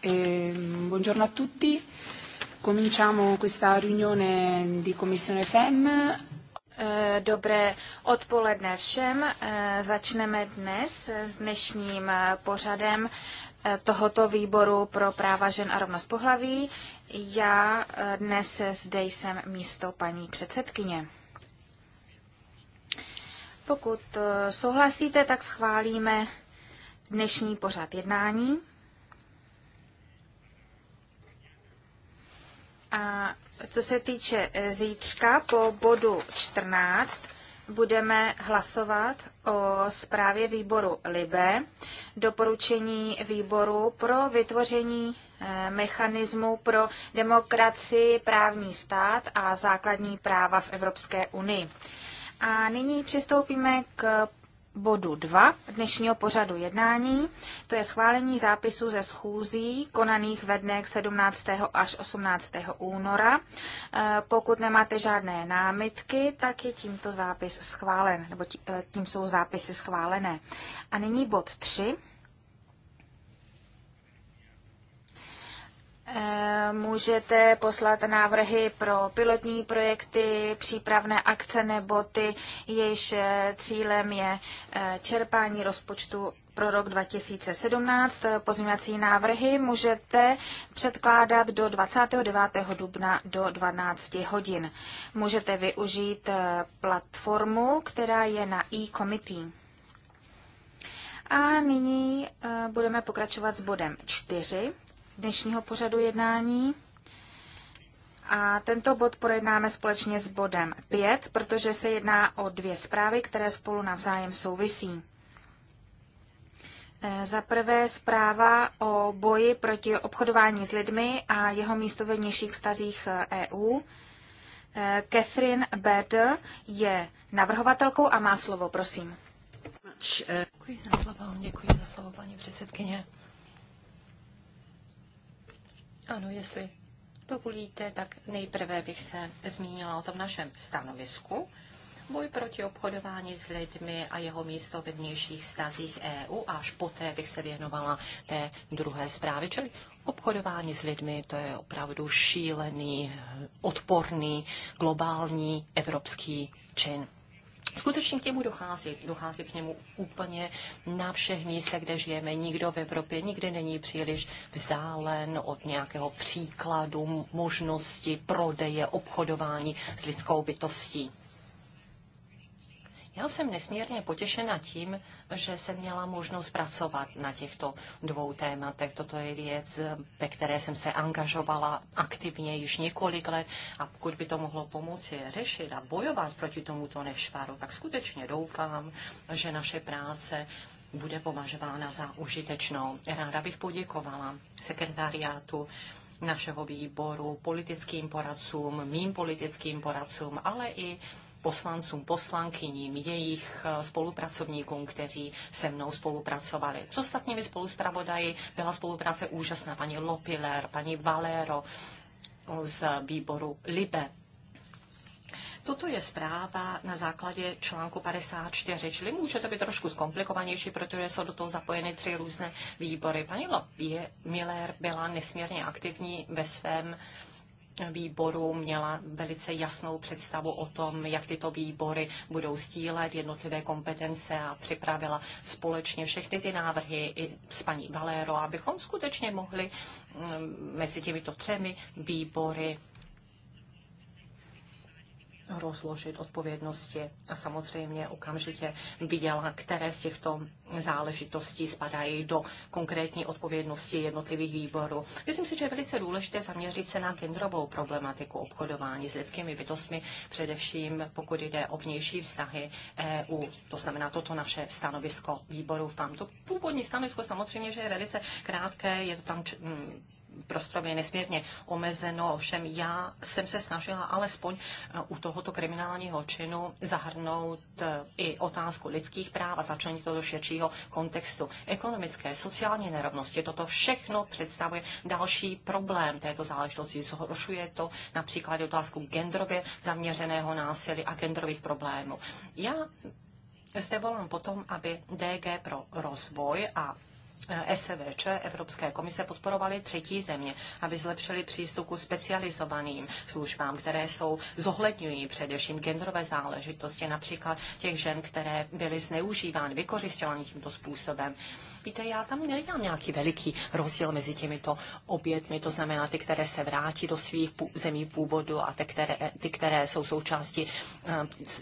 E, buongiorno a tutti. Cominciamo questa riunione di Commissione FEM. Eh, dobré odpoledne všem. Eh, začneme dnes s dnešním pořadem tohoto výboru pro práva žen a rovnost pohlaví. Já dnes zde jsem místo paní předsedkyně. Pokud souhlasíte, tak schválíme dnešní pořad jednání. A co se týče e, zítřka po bodu 14, budeme hlasovat o zprávě výboru LIBE, doporučení výboru pro vytvoření e, mechanismu pro demokracii, právní stát a základní práva v Evropské unii. A nyní přistoupíme k bodu 2 dnešního pořadu jednání, to je schválení zápisu ze schůzí konaných ve dnech 17. až 18. února. E, pokud nemáte žádné námitky, tak je tímto zápis schválen, nebo e, tím jsou zápisy schválené. A nyní bod 3. Eh, můžete poslat návrhy pro pilotní projekty, přípravné akce nebo ty, jejichž eh, cílem je eh, čerpání rozpočtu pro rok 2017. Pozměňovací návrhy můžete předkládat do 29. dubna do 12 hodin. Můžete využít platformu, která je na e-committee. A nyní budeme pokračovat s bodem 4 dnešního pořadu jednání. A tento bod projednáme společně s bodem 5, protože se jedná o dvě zprávy, které spolu navzájem souvisí. E, za prvé zpráva o boji proti obchodování s lidmi a jeho místo ve vnějších vztazích EU. E e, Catherine Bader je navrhovatelkou a má slovo, prosím. Děkuji za slovo, děkuji za slovo, paní předsedkyně. Ano, jestli dovolíte, tak nejprve bych se zmínila o tom našem stanovisku. Boj proti obchodování s lidmi a jeho místo ve vnějších vztazích EU a až poté bych se věnovala té druhé zprávě, čili Obchodování s lidmi to je opravdu šílený, odporný, globální evropský čin skutečně k němu dochází. Dochází k němu úplně na všech místech, kde žijeme. Nikdo v Evropě nikdy není příliš vzdálen od nějakého příkladu možnosti prodeje, obchodování s lidskou bytostí. Já jsem nesmírně potěšena tím, že jsem měla možnost pracovat na těchto dvou tématech. Toto je věc, ve které jsem se angažovala aktivně již několik let a pokud by to mohlo pomoci řešit a bojovat proti tomuto nešvaru, tak skutečně doufám, že naše práce bude považována za užitečnou. Ráda bych poděkovala sekretariátu našeho výboru, politickým poradcům, mým politickým poradcům, ale i poslancům, poslankyním, jejich eh, spolupracovníkům, kteří se mnou spolupracovali. S ostatními spoluzpravodaji byla spolupráce úžasná. Paní Lopiler, paní Valero z výboru LIBE. Toto je zpráva na základě článku 54, čili může to být trošku zkomplikovanější, protože jsou do toho zapojeny tři různé výbory. Paní Lopie Miller byla nesmírně aktivní ve svém uh, výboru měla velice jasnou představu o tom, jak tyto výbory budou stílet jednotlivé kompetence a připravila společně všechny ty návrhy i s paní Valero, abychom skutečně mohli mm, mezi těmito třemi výbory rozložit odpovědnosti a samozřejmě okamžitě viděla, které z těchto záležitostí spadají do konkrétní odpovědnosti jednotlivých výborů. Myslím si, že je velice důležité zaměřit se na genderovou problematiku obchodování s lidskými bytostmi, především pokud jde o vnější vztahy EU. To znamená toto naše stanovisko výboru FAM. To původní stanovisko samozřejmě, že je velice krátké, je to tam mm, prostorově nesmírně omezeno, ovšem já jsem se snažila alespoň eh, u tohoto kriminálního činu zahrnout eh, i otázku lidských práv a začlenit to do širšího kontextu. Ekonomické, sociální nerovnosti, toto všechno představuje další problém této záležitosti. Zhoršuje to například otázku genderově zaměřeného násilí a genderových problémů. Já zde volám potom, aby DG pro rozvoj a Eh, SVČ Evropské komise podporovaly třetí země, aby zlepšili přístup k specializovaným službám, které jsou zohledňují především genderové záležitosti, například těch žen, které byly zneužívány, vykořišťovány tímto způsobem. Víte, já tam nedělám nějaký veliký rozdíl mezi těmito obětmi, to znamená ty, které se vrátí do svých zemí původu a ty, které, eh, ty, které jsou součástí eh,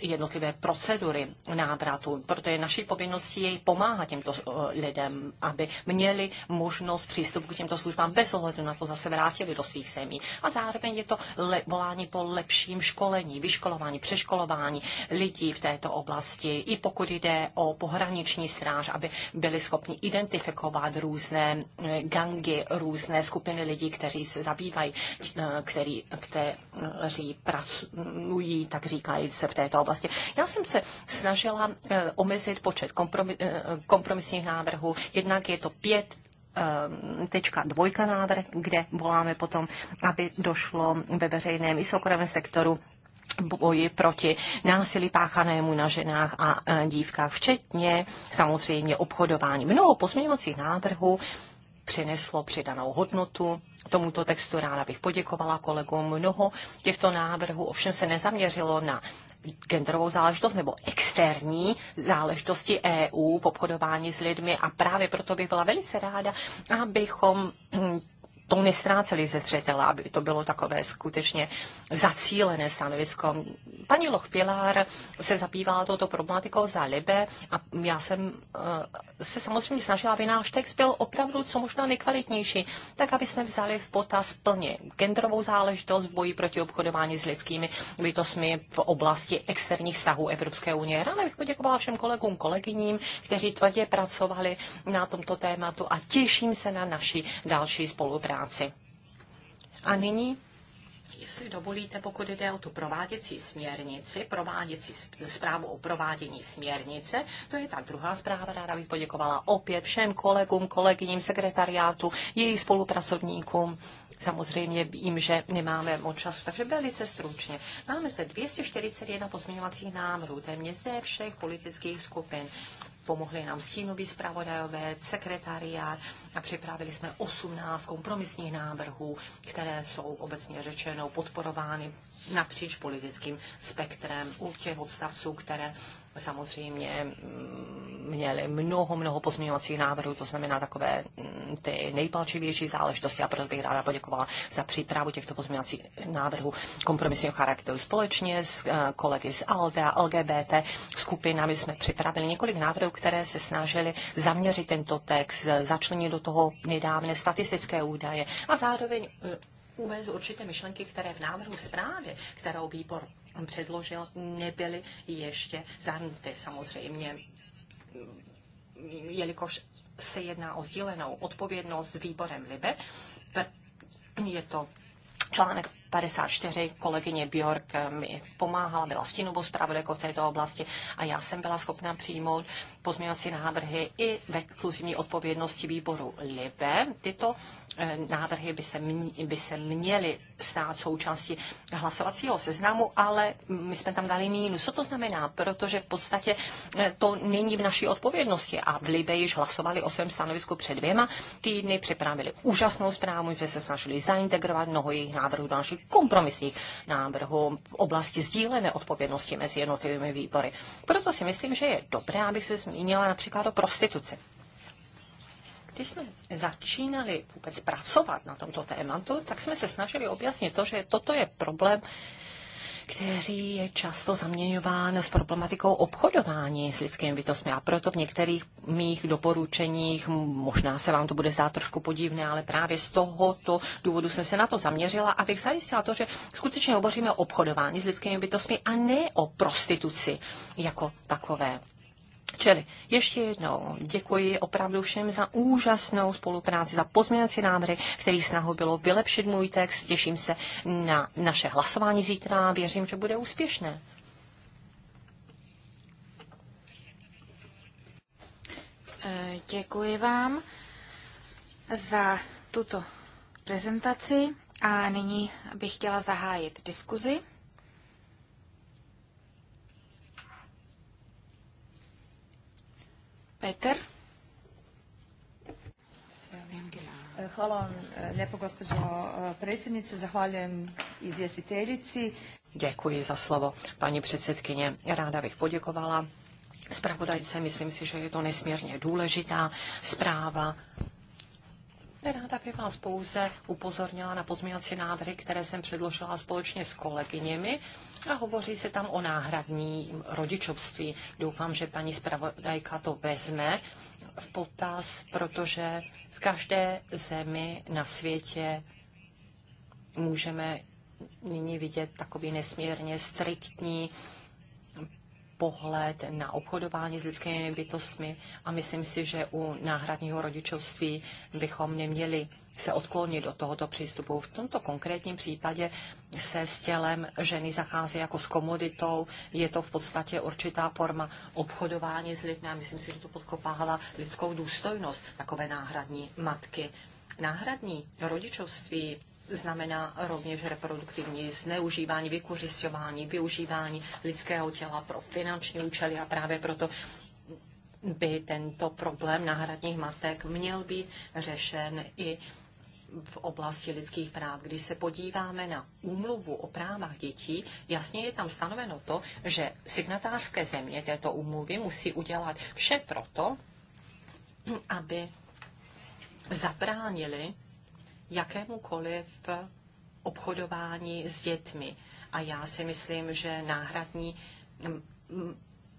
jednotlivé procedury návratu. Proto je naší povinností jej pomáhat těmto lidem, aby aby měli možnost přístupu k těmto službám bez ohledu na to zase vrátili do svých zemí. A zároveň je to le- volání po lepším školení, vyškolování, přeškolování lidí v této oblasti, i pokud jde o pohraniční stráž, aby byli schopni identifikovat různé eh, gangy, různé skupiny lidí, kteří se zabývají, eh, který, kteří pracují, tak říkají se v této oblasti. Já jsem se snažila eh, omezit počet kompromisních návrhů, jednak je to 5 ehm, tečka dvojka návrh, kde voláme potom, aby došlo ve veřejném i soukromém sektoru boji proti násilí páchanému na ženách a e, dívkách, včetně samozřejmě obchodování. Mnoho pozměňovacích návrhů přineslo přidanou hodnotu tomuto textu. Ráda bych poděkovala kolegům. Mnoho těchto návrhů ovšem se nezaměřilo na genderovou záležitost nebo externí záležitosti EU v obchodování s lidmi a právě proto bych byla velice ráda, abychom to nestráceli ze zřetela, aby to bylo takové skutečně zacílené stanovisko. Paní Lochpilár se zabývala touto problematikou za Libe a já jsem eh, se samozřejmě snažila, aby náš text byl opravdu co možná nekvalitnější, tak aby jsme vzali v potaz plně genderovou záležitost v boji proti obchodování s lidskými bytostmi v oblasti externích vztahů Evropské unie. Ráda bych poděkovala všem kolegům, kolegyním, kteří tvrdě pracovali na tomto tématu a těším se na naši další spolupráci práci. A nyní jestli dovolíte, pokud jde o tu prováděcí směrnici, prováděcí zprávu o provádění směrnice, to je ta druhá zpráva. Ráda bych poděkovala opět všem kolegům, kolegyním sekretariátu, jejich spolupracovníkům. Samozřejmě vím, že nemáme moc času, takže velice stručně. Máme zde 241 pozměňovacích návrhů, téměř ze všech politických skupin. Pomohli nám stínoví zpravodajové, sekretariát a připravili jsme 18 kompromisních návrhů, které jsou obecně řečeno podporovány napříč politickým spektrem u těch odstavců, které samozřejmě mm, měli mnoho, mnoho pozměňovacích návrhů, to znamená takové mm, ty nejpalčivější záležitosti a proto bych ráda poděkovala za přípravu těchto pozměňovacích návrhů kompromisního charakteru. Společně s eh, kolegy z ALDE a LGBT skupinami jsme připravili několik návrhů, které se snažili zaměřit tento text, začlenit do toho nedávné statistické údaje a zároveň eh, uvést určité myšlenky, které v návrhu zprávy, kterou výbor předložil, nebyly ještě zahrnuty samozřejmě, jelikož se jedná o sdílenou odpovědnost s výborem LIBE. Je to článek 54 kolegyně Bjork mi pomáhala, byla stínovou zpravodajkou v této oblasti a já jsem byla schopna přijmout pozměňovací návrhy i ve exkluzivní odpovědnosti výboru LIBE. Tyto eh, návrhy by se, mě, by se měly stát součástí hlasovacího seznamu, ale my jsme tam dali mínus. Co to znamená? Protože v podstatě eh, to není v naší odpovědnosti a v Libe již hlasovali o svém stanovisku před dvěma týdny, připravili úžasnou zprávu, že se snažili zaintegrovat mnoho jejich návrhů do našich kompromisních návrhů v oblasti sdílené odpovědnosti mezi jednotlivými výbory. Proto si myslím, že je dobré, aby se zmínila například o prostituci. Když jsme začínali vůbec pracovat na tomto tématu, tak jsme se snažili objasnit to, že toto je problém, kteří je často zaměňován s problematikou obchodování s lidskými bytostmi. A proto v některých mých doporučeních, možná se vám to bude zdát trošku podivné, ale právě z tohoto důvodu jsem se na to zaměřila, abych zajistila to, že skutečně hovoříme o obchodování s lidskými bytostmi a ne o prostituci jako takové. Čili ještě jednou děkuji opravdu všem za úžasnou spolupráci, za pozměňovací návrhy, který snahou bylo vylepšit můj text. Těším se na naše hlasování zítra a věřím, že bude úspěšné. Eh, děkuji vám za tuto prezentaci a nyní bych chtěla zahájit diskuzi. Peter? Hvala vam eh, lijepo gospođo eh, predsjednice, zahvaljujem izvjestiteljici. Děkuji za slovo, paní předsedkyně. Ráda bych poděkovala zpravodajce, myslím si, že je to nesmírně důležitá zpráva. Ráda bych vás pouze upozornila na pozměňovací návrhy, které jsem předložila společně s kolegyněmi a hovoří se tam o náhradní rodičovství. Doufám, že paní zpravodajka to vezme v potaz, protože v každé zemi na světě můžeme nyní vidět takový nesmírně striktní uh, pohled na obchodování s lidskými bytostmi a myslím si, že u náhradního rodičovství bychom neměli se odklonit do tohoto přístupu. V tomto konkrétním případě se s tělem ženy zachází jako s komoditou. Je to v podstatě určitá forma obchodování s lidmi a myslím si, že to podkopává lidskou důstojnost takové náhradní matky. Náhradní rodičovství znamená rovněž reproduktivní zneužívání, vykořišťování, využívání lidského těla pro finanční účely a právě proto by tento problém náhradních matek měl být řešen i v oblasti lidských práv. Když se podíváme na úmluvu o právách dětí, jasně je tam stanoveno to, že signatářské země této úmluvy musí udělat vše proto, aby zabránili jakémukoliv obchodování s dětmi. A já si myslím, že náhradní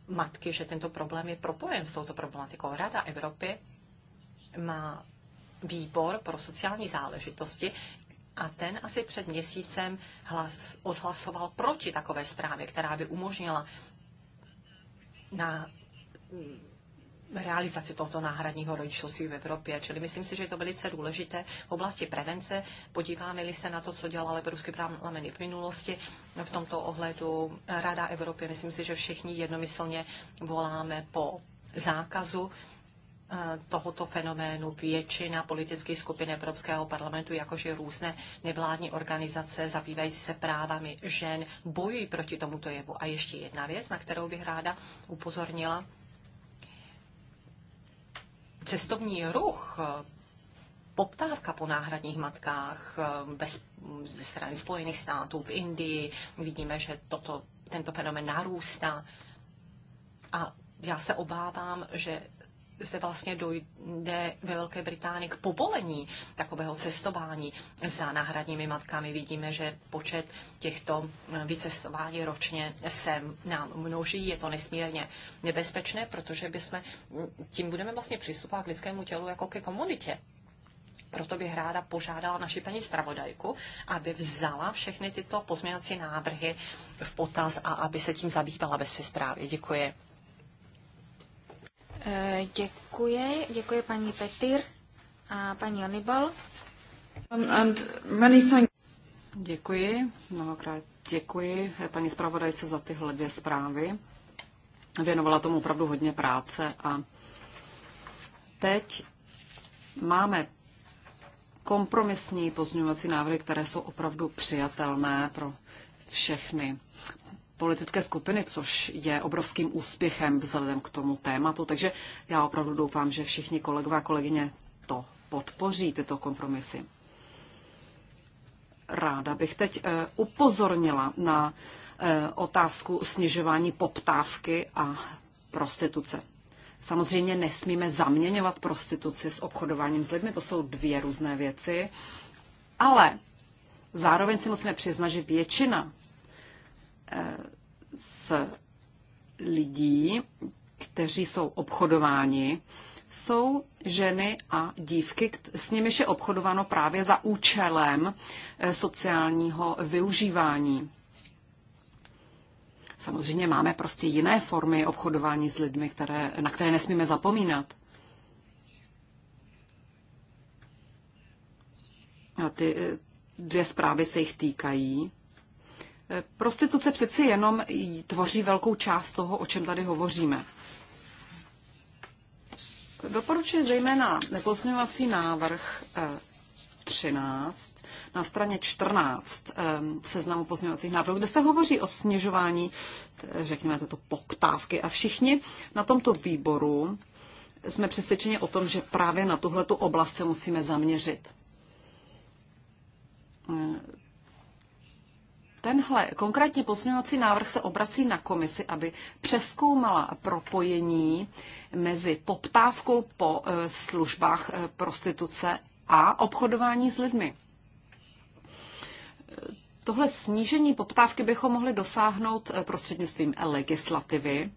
matky, že tento problém je propojen s touto problematikou. Rada Evropy má výbor pro sociální záležitosti a ten asi před měsícem hlas, odhlasoval proti takové zprávě, která by umožnila na realizaci tohoto náhradního rodičovství v Evropě. Čili myslím si, že je to velice důležité v oblasti prevence. Podíváme-li se na to, co dělal Evropský parlament v minulosti v tomto ohledu Rada Evropy, myslím si, že všichni jednomyslně voláme po zákazu eh, tohoto fenoménu většina politických skupin Evropského parlamentu, jakože různé nevládní organizace zabývající se právami žen, bojují proti tomuto jevu. A ještě jedna věc, na kterou bych ráda upozornila, cestovní ruch, eh, poptávka po náhradních matkách eh, bez, ze strany Spojených států v Indii, vidíme, že toto, tento fenomen narůstá. A já se obávám, že zde vlastně dojde ve Velké Británii k povolení takového cestování za náhradními matkami. Vidíme, že počet těchto eh, vycestování ročně se nám množí. Je to nesmírně nebezpečné, protože bychom, mm, tím budeme vlastně přistupovat k lidskému tělu jako ke komoditě. Proto bych ráda požádala naši paní zpravodajku, aby vzala všechny tyto pozměňovací návrhy v potaz a aby se tím zabývala ve své zprávě. Děkuji. Děkuji. Děkuji paní Petir a paní Anibal. Děkuji. Mnohokrát děkuji paní zpravodajce za tyhle dvě zprávy. Věnovala tomu opravdu hodně práce a teď máme kompromisní pozměňovací návrhy, které jsou opravdu přijatelné pro všechny politické skupiny, což je obrovským úspěchem vzhledem k tomu tématu. Takže já opravdu doufám, že všichni kolegové a kolegyně to podpoří, tyto kompromisy. Ráda bych teď eh, upozornila na eh, otázku snižování poptávky a prostituce. Samozřejmě nesmíme zaměňovat prostituci s obchodováním s lidmi, to jsou dvě různé věci, ale zároveň si musíme přiznat, že většina z lidí, kteří jsou obchodováni, jsou ženy a dívky, s nimiž je obchodováno právě za účelem eh, sociálního využívání. Samozřejmě máme prostě jiné formy obchodování s lidmi, které, na které nesmíme zapomínat. A ty eh, dvě zprávy se jich týkají. Prostituce přeci jenom tvoří velkou část toho, o čem tady hovoříme. Doporučuje zejména nepozměňovací návrh 13 eh, na straně 14 eh, seznamu pozměňovacích návrhů, kde se hovoří o snižování, eh, řekněme, této poktávky. A všichni na tomto výboru jsme přesvědčeni o tom, že právě na tuhleto oblast se musíme zaměřit Tenhle konkrétně pozměňovací návrh se obrací na komisi, aby přeskoumala propojení mezi poptávkou po e, službách e, prostituce a obchodování s lidmi. Tohle snížení poptávky bychom mohli dosáhnout e, prostřednictvím legislativy,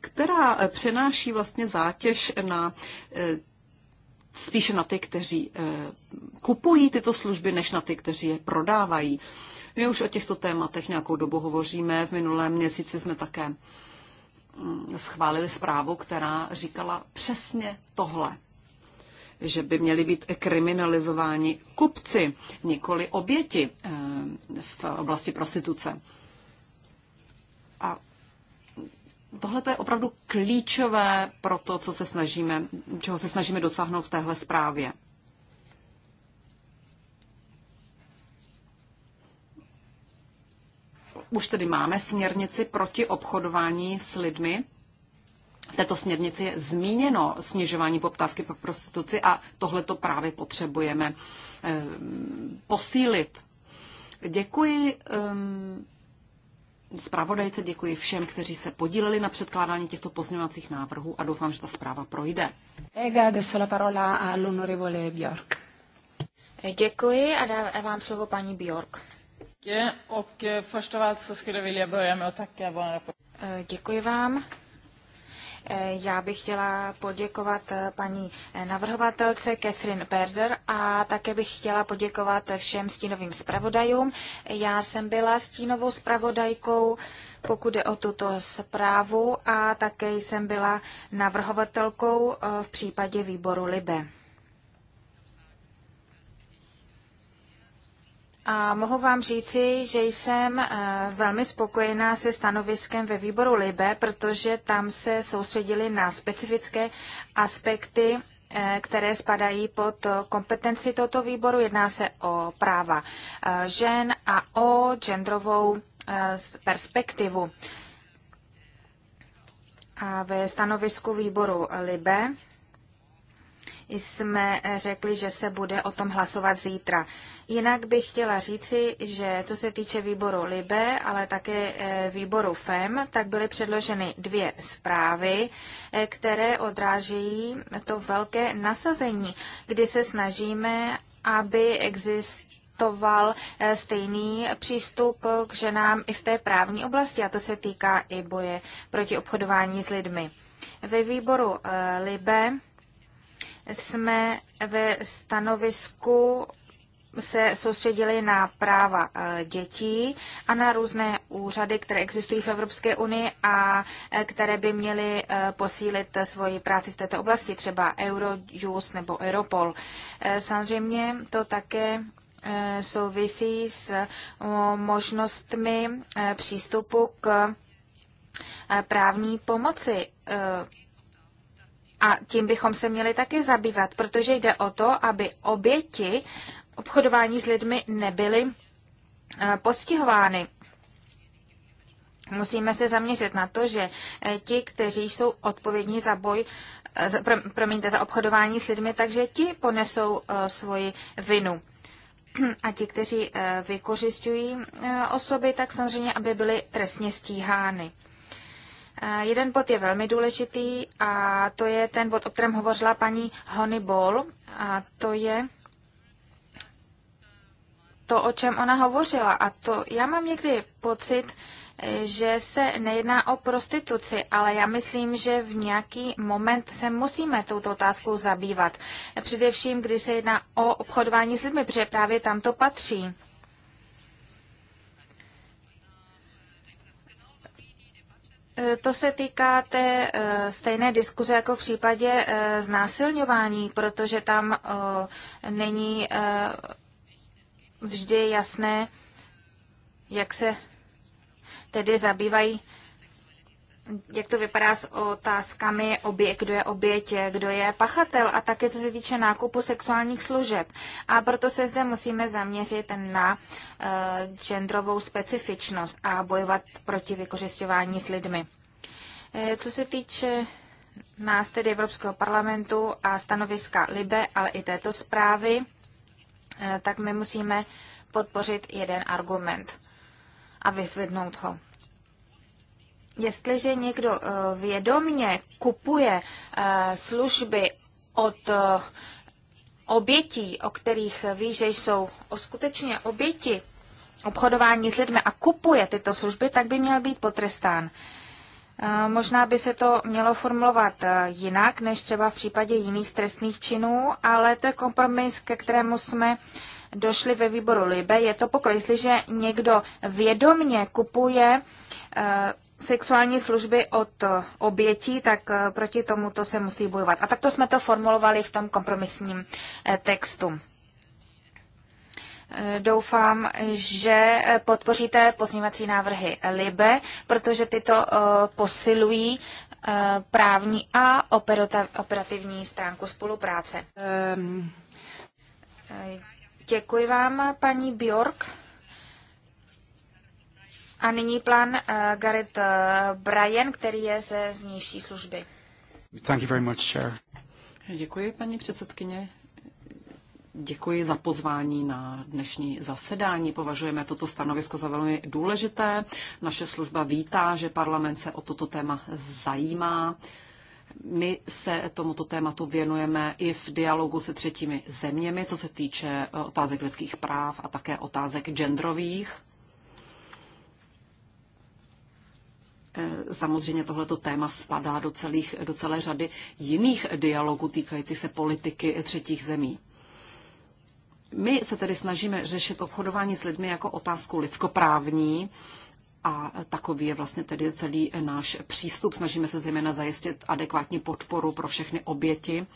která přenáší vlastně zátěž na spíše na ty, kteří kupují tyto služby, než na ty, kteří je prodávají. My už o těchto tématech nějakou dobu hovoříme. V minulém měsíci jsme také mm, schválili zprávu, která říkala přesně tohle že by měli být kriminalizováni kupci, nikoli oběti eh, v oblasti prostituce. A tohle je opravdu klíčové pro to, co se snažíme, čeho se snažíme dosáhnout v téhle zprávě. už tedy máme směrnici proti obchodování s lidmi. V této směrnici je zmíněno snižování poptávky po prostituci a tohle to právě potřebujeme eh, posílit. Děkuji ehm, zpravodajce, děkuji všem, kteří se podíleli na předkládání těchto pozměňovacích návrhů a doufám, že ta zpráva projde. Děkuji a dávám vám slovo paní Bjork. Eh, eh, děkuji vám. Eh, já bych chtěla poděkovat paní navrhovatelce Catherine Berder a také bych chtěla poděkovat všem stínovým zpravodajům. Já jsem byla stínovou zpravodajkou, pokud je o tuto zprávu a také jsem byla navrhovatelkou v případě výboru Libe. A mohu vám říci, že jsem eh, velmi spokojená se stanoviskem ve výboru LIBE, protože tam se soustředili na specifické aspekty eh, které spadají pod kompetenci tohoto výboru. Jedná se o práva eh, žen a o genderovou perspektivu. A ve stanovisku výboru LIBE jsme řekli, že se bude o tom hlasovat zítra. Jinak bych chtěla říci, že co se týče výboru LIBE, ale také eh, výboru FEM, tak byly předloženy dvě zprávy, eh, které odrážejí to velké nasazení, kdy se snažíme, aby existovalo eh, stejný přístup k ženám i v té právní oblasti, a to se týká i boje proti obchodování s lidmi. Ve výboru Libe jsme ve stanovisku se soustředili na práva e, dětí a na různé úřady, které existují v Evropské unii a e, které by měly e, posílit svoji práci v této oblasti, třeba Eurojust nebo Europol. Samozřejmě to také souvisí s možnostmi přístupu k právní pomoci a tím bychom se měli taky zabývat, protože jde o to, aby oběti obchodování s lidmi nebyly eh, postihovány. Musíme se zaměřit na to, že eh, ti, kteří jsou odpovědní za boj, eh, promiňte, za obchodování s lidmi, takže ti ponesou svoji vinu. A ti, kteří vykořišťují osoby, tak samozřejmě, aby byly trestně stíhány. Jeden bod je velmi důležitý a to je ten bod, o kterém hovořila paní Honeyball a to je to, o čem ona hovořila. A to já mám někdy pocit, že se nejedná o prostituci, ale já myslím, že v nějaký moment se musíme touto otázkou zabývat. Především, když se jedná o obchodování s lidmi, protože právě tam to patří. Eh, to se týká té eh, stejné diskuze jako v případě eh, znásilňování, protože tam není vždy jasné, jak se tedy zabývají jak to vypadá s otázkami, obě, kdo je obětě, kdo je pachatel a také co se týče nákupu sexuálních služeb. A proto se zde musíme zaměřit na uh, genderovou specifičnost a bojovat proti vykořišťování s lidmi. Eh, co se týče nás tedy Evropského parlamentu a stanoviska LIBE, ale i této zprávy, eh, tak my musíme podpořit jeden argument a vyzvednout ho. Jestliže někdo eh, vědomně kupuje eh, služby od eh, obětí, o kterých ví, že jsou skutečně oběti obchodování s lidmi a kupuje tyto služby, tak by měl být potrestán. Možná by se to mělo formulovat jinak, než třeba v případě jiných trestných činů, ale to je kompromis, ke kterému jsme došli ve výboru Libe. Je to pokrok, jestliže někdo vědomně kupuje sexuální služby od obětí, tak eh, proti tomuto se musí bojovat. A takto jsme to formulovali v tom kompromisním eh, textu. Eh, doufám, že podpoříte pozměňovací návrhy LIBE, protože tyto posilují právní a operativní stránku spolupráce. Ehm. Děkuji vám, paní Bjork. A nyní plán uh, Bryan, který je ze znější služby. Thank you very much, Chair. Děkuji, paní předsedkyně. Děkuji za pozvání na dnešní zasedání. Považujeme toto stanovisko za velmi důležité. Naše služba vítá, že parlament se o toto téma zajímá. My se tomuto tématu věnujeme i v dialogu se třetími zeměmi, co se týče otázek lidských práv a také otázek genderových. Eh, samozřejmě tohleto téma spadá do, celých, do celé řady jiných dialogů týkajících se politiky třetích zemí. My se tedy snažíme řešit obchodování s lidmi jako otázku lidskoprávní a takový je vlastně tedy celý náš přístup. Snažíme se zejména zajistit adekvátní podporu pro všechny oběti.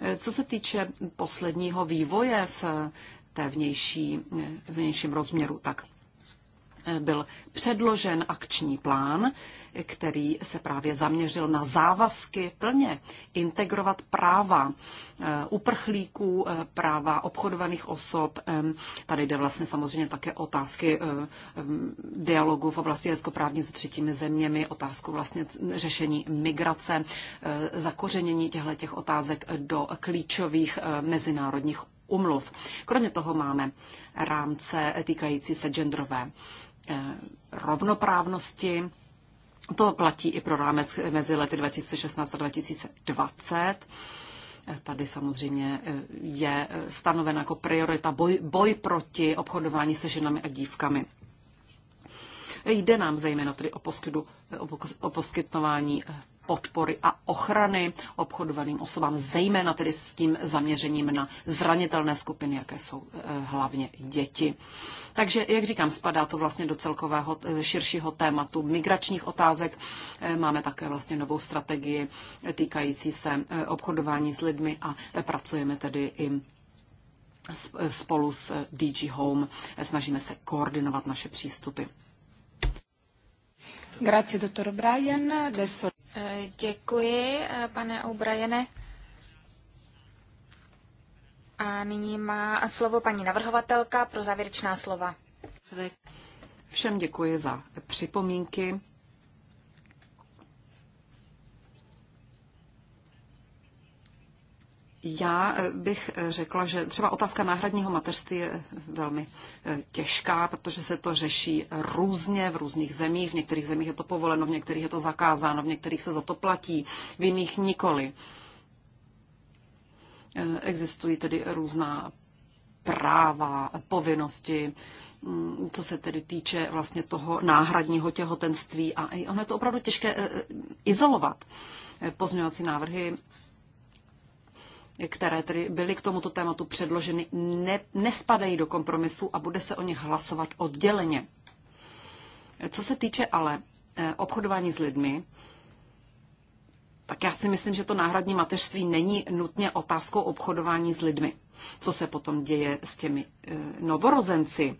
Eh, co se týče posledního vývoje v eh, té vnější, vnějším rozměru, tak byl předložen akční plán, který se právě zaměřil na závazky plně integrovat práva eh, uprchlíků, eh, práva obchodovaných osob. Tady jde vlastně samozřejmě také otázky eh, dialogu v oblasti lidskoprávní s třetími zeměmi, otázku vlastně řešení migrace, zakořenění těchto těch otázek do klíčových mezinárodních umluv. Kromě toho máme rámce týkající se genderové Eh, rovnoprávnosti. To platí i pro rámec mezi lety 2016 a 2020. Eh, tady samozřejmě eh, je stanovena jako priorita boj, boj proti obchodování se ženami a dívkami. Jde nám zejména tedy o, poskytu, o poskytování podpory a ochrany obchodovaným osobám, zejména tedy s tím zaměřením na zranitelné skupiny, jaké jsou eh, hlavně děti. Takže, jak říkám, spadá to vlastně do celkového eh, širšího tématu migračních otázek. Eh, máme také vlastně novou strategii týkající se obchodování s lidmi a pracujeme tedy i spolu s DG Home. Snažíme se koordinovat naše přístupy. Grazie, dottor Brian. Adesso... Děkuji, pane Obrajene. A nyní má slovo paní navrhovatelka pro závěrečná slova. Všem děkuji za připomínky. Já eh, bych eh, řekla, že třeba otázka náhradního mateřství je eh, velmi těžká, protože se to řeší různě v různých zemích. V některých zemích je to povoleno, v některých je to zakázáno, v některých se za to platí, v jiných nikoli. Existují tedy různá práva, povinnosti, hm, co se tedy týče vlastně toho náhradního těhotenství. A ono je to opravdu těžké izolovat. Pozměňovací návrhy které tedy byly k tomuto tématu předloženy, ne, nespadají do kompromisu a bude se o nich hlasovat odděleně. Co se týče ale eh, obchodování s lidmi, tak já si myslím, že to náhradní mateřství není nutně otázkou obchodování s lidmi. Co se potom děje s těmi eh, novorozenci?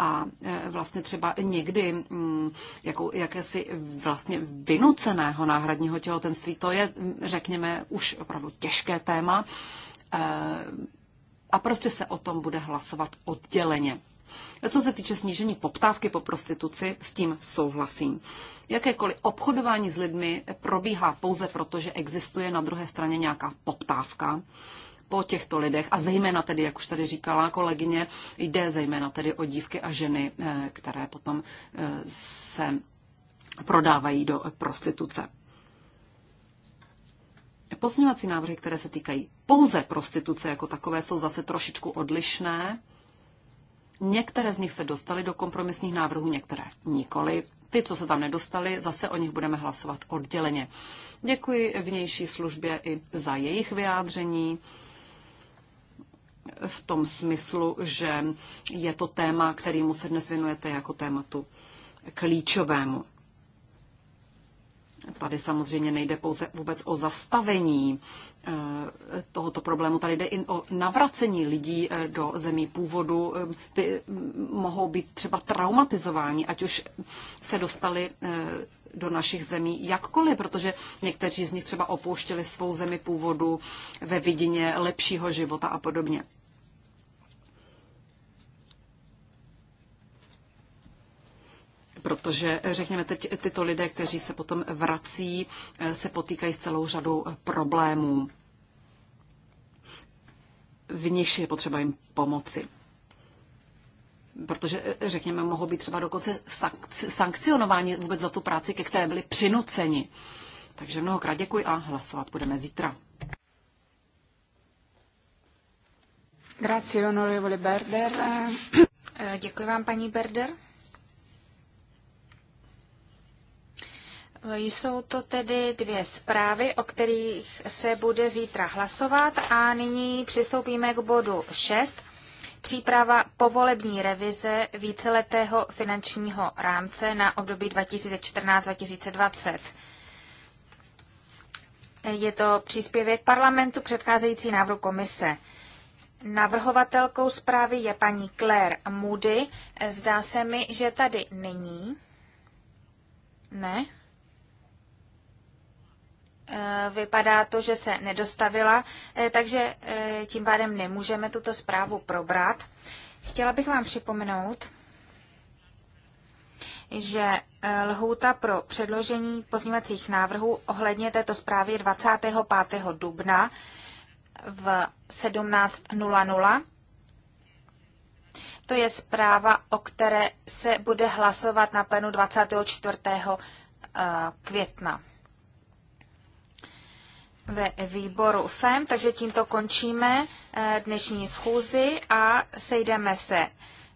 a e, vlastně třeba někdy mm, jako jakési vlastně vynuceného náhradního těhotenství. To je, mm, řekněme, už opravdu těžké téma e, a prostě se o tom bude hlasovat odděleně. Co se týče snížení poptávky po prostituci, s tím souhlasím. Jakékoliv obchodování s lidmi probíhá pouze proto, že existuje na druhé straně nějaká poptávka po těchto lidech a zejména tedy, jak už tady říkala kolegyně, jde zejména tedy o dívky a ženy, eh, které potom eh, se prodávají do eh, prostituce. Pozměňovací návrhy, které se týkají pouze prostituce jako takové, jsou zase trošičku odlišné. Některé z nich se dostaly do kompromisních návrhů, některé nikoli. Ty, co se tam nedostali, zase o nich budeme hlasovat odděleně. Děkuji vnější službě i za jejich vyjádření v tom smyslu, že je to téma, kterému se dnes věnujete jako tématu klíčovému. Tady samozřejmě nejde pouze vůbec o zastavení eh, tohoto problému, tady jde i o navracení lidí eh, do zemí původu. Eh, ty mm, mohou být třeba traumatizováni, ať už se dostali do našich zemí jakkoliv, protože někteří z nich třeba opouštěli svou zemi původu ve vidině lepšího života a podobně. protože eh, řekněme teď tyto lidé, kteří se potom vrací, eh, se potýkají s celou řadou eh, problémů. V nich je potřeba jim pomoci. Protože, řekněme, mohou být třeba dokonce sankcionováni vůbec za tu práci, ke které byli přinuceni. Takže mnohokrát děkuji a hlasovat budeme zítra. Grazie, onorevole Berder. Děkuji vám, paní Berder. Jsou to tedy dvě zprávy, o kterých se bude zítra hlasovat a nyní přistoupíme k bodu 6. Příprava povolební revize víceletého finančního rámce na období 2014-2020. Je to příspěvek parlamentu předcházející návrhu komise. Navrhovatelkou zprávy je paní Claire Moody. Zdá se mi, že tady není. Ne? Eh, vypadá to, že se nedostavila, eh, takže eh, tím pádem nemůžeme tuto zprávu probrat. Chtěla bych vám připomenout, že lhůta pro předložení pozměňovacích návrhů ohledně této zprávy je 25. dubna v 17.00. To je zpráva, o které se bude hlasovat na plenu 24. května ve výboru FEM, takže tímto končíme eh, dnešní schůzi a sejdeme se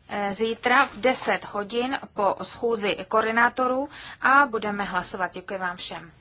eh, zítra v 10 hodin po schůzi koordinátorů a budeme hlasovat. Děkuji vám všem.